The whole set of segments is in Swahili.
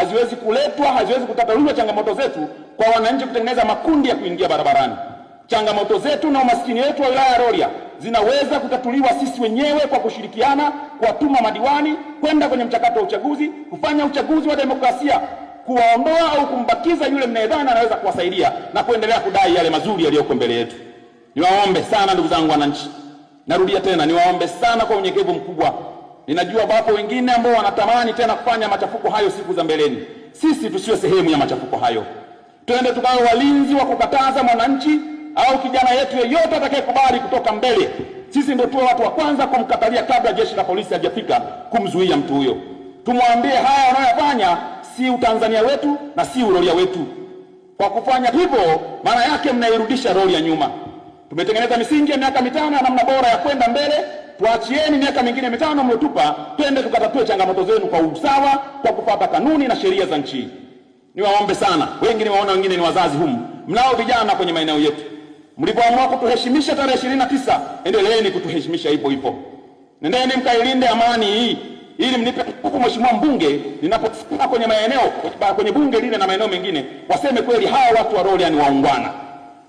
haziwezi kuletwa, haziwezi kutatuliwa changamoto zetu kwa wananchi kutengeneza makundi ya kuingia barabarani. Changamoto zetu na umaskini wetu wa wilaya ya Rorya zinaweza kutatuliwa sisi wenyewe kwa kushirikiana, kuwatuma madiwani kwenda kwenye mchakato wa uchaguzi, kufanya uchaguzi wa demokrasia, kuwaondoa au kumbakiza yule mnayedhani anaweza kuwasaidia na kuendelea kudai yale mazuri yaliyoko mbele yetu. Niwaombe sana ndugu zangu wananchi, narudia tena, niwaombe sana kwa unyenyekevu mkubwa Ninajua wapo wengine ambao wanatamani tena kufanya machafuko hayo siku za mbeleni. Sisi tusiwe sehemu ya machafuko hayo, twende tukawe walinzi wa kukataza mwananchi au kijana yetu yeyote atakayekubali kutoka mbele. Sisi ndio tuwe watu wa kwanza kumkatalia kabla jeshi la polisi halijafika kumzuia mtu huyo. Tumwambie haya wanayofanya si utanzania wetu na si urolia wetu. Kwa kufanya hivyo, maana yake mnairudisha roli ya nyuma. Tumetengeneza misingi ya miaka mitano ya namna bora ya kwenda mbele Tuachieni miaka mingine mitano mliotupa, twende tukatatue changamoto zenu kwa usawa, kwa kufuata kanuni na sheria za nchi. Niwaombe sana, wengi niwaona, wengine ni wazazi humu, mnao vijana kwenye maeneo yetu. Mlipoamua kutuheshimisha tarehe ishirini na tisa, endeleeni kutuheshimisha hivyo hivyo. Nendeni mkailinde amani hii ili mnipe nguvu Mheshimiwa Mbunge, ninapofika kwenye maeneo kwenye bunge lile na maeneo mengine, waseme kweli hawa watu wa Rorya ni waungwana,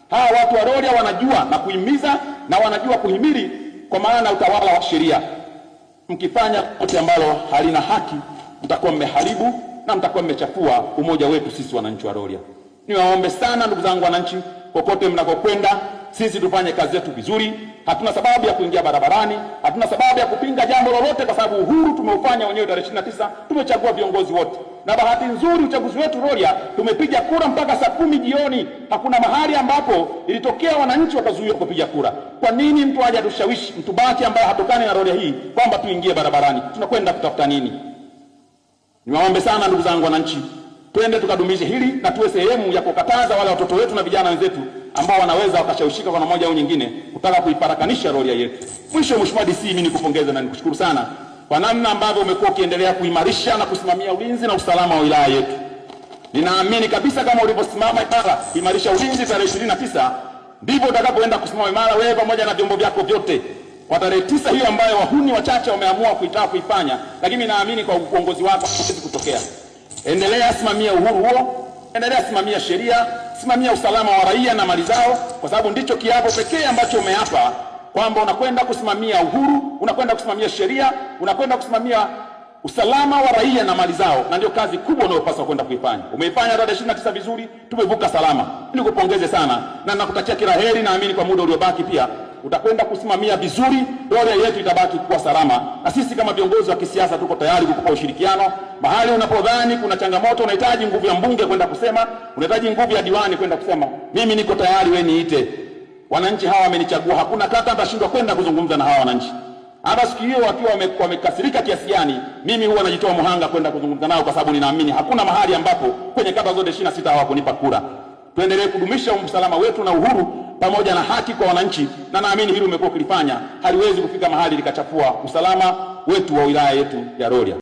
hawa watu wa Rorya wanajua na kuhimiza na wanajua kuhimili kwa maana utawala wa sheria. Mkifanya kote ambalo halina haki, mtakuwa mmeharibu na mtakuwa mmechafua umoja wetu sisi wananchi wa Rorya. Niwaombe sana ndugu zangu wananchi, kokote mnakokwenda sisi tufanye kazi zetu vizuri. Hatuna sababu ya kuingia barabarani, hatuna sababu ya kupinga jambo lolote, kwa sababu uhuru tumeufanya wenyewe tarehe 29 Tumechagua viongozi wote, na bahati nzuri uchaguzi wetu Rorya tumepiga kura mpaka saa kumi jioni. Hakuna mahali ambapo ilitokea wananchi wakazuiwa kupiga kura. Kwa nini mtu aje atushawishi mtu baki ambaye hatokani na Rorya hii kwamba tuingie barabarani? Tunakwenda kutafuta nini? Niwaombe sana ndugu zangu wananchi, twende tukadumishe hili na tuwe sehemu ya kukataza wale watoto wetu na vijana wenzetu ambao wanaweza wakashawishika kwa namna moja au nyingine kutaka kuiparakanisha roli yetu. Mwisho, Mheshimiwa DC, mimi nikupongeza na nikushukuru sana kwa namna ambavyo umekuwa ukiendelea kuimarisha na kusimamia ulinzi na usalama wa wilaya yetu. Ninaamini kabisa kama ulivyosimama imara kuimarisha ulinzi tarehe ishirini na tisa ndivyo utakapoenda kusimama imara wewe pamoja na vyombo vyako vyote kwa tarehe tisa hiyo ambayo wahuni wachache wameamua kuitaka kuifanya, lakini naamini kwa uongozi wako haiwezi kutokea. Endelea simamia uhuru huo, endelea simamia sheria simamia usalama wa raia na mali zao, kwa sababu ndicho kiapo pekee ambacho umeapa kwamba unakwenda kusimamia uhuru, unakwenda kusimamia sheria, unakwenda kusimamia usalama wa raia na mali zao, na ndio kazi kubwa unayopaswa kwenda kuifanya. Umeifanya tarehe ishirini na tisa vizuri, tumevuka salama. Nikupongeze sana na nakutakia kila heri, naamini kwa muda uliobaki pia utakwenda kusimamia vizuri, doria yetu itabaki kuwa salama, na sisi kama viongozi wa kisiasa tuko tayari kukupa ushirikiano mahali unapodhani kuna changamoto, unahitaji nguvu ya mbunge kwenda kusema, unahitaji nguvu ya diwani kwenda kusema, mimi niko tayari, wewe niite. Wananchi hawa wamenichagua, hakuna kata nitashindwa kwenda kuzungumza na hawa wananchi. Hata siku hiyo wakiwa wamekasirika wame kiasi gani, mimi huwa najitoa muhanga kwenda kuzungumza nao, kwa sababu ninaamini hakuna mahali ambapo kwenye kata zote ishirini na sita hawakunipa kura. Tuendelee kudumisha usalama wetu na uhuru pamoja na haki kwa wananchi, na naamini hili umekuwa ukilifanya, haliwezi kufika mahali likachafua usalama wetu wa wilaya yetu ya Rorya.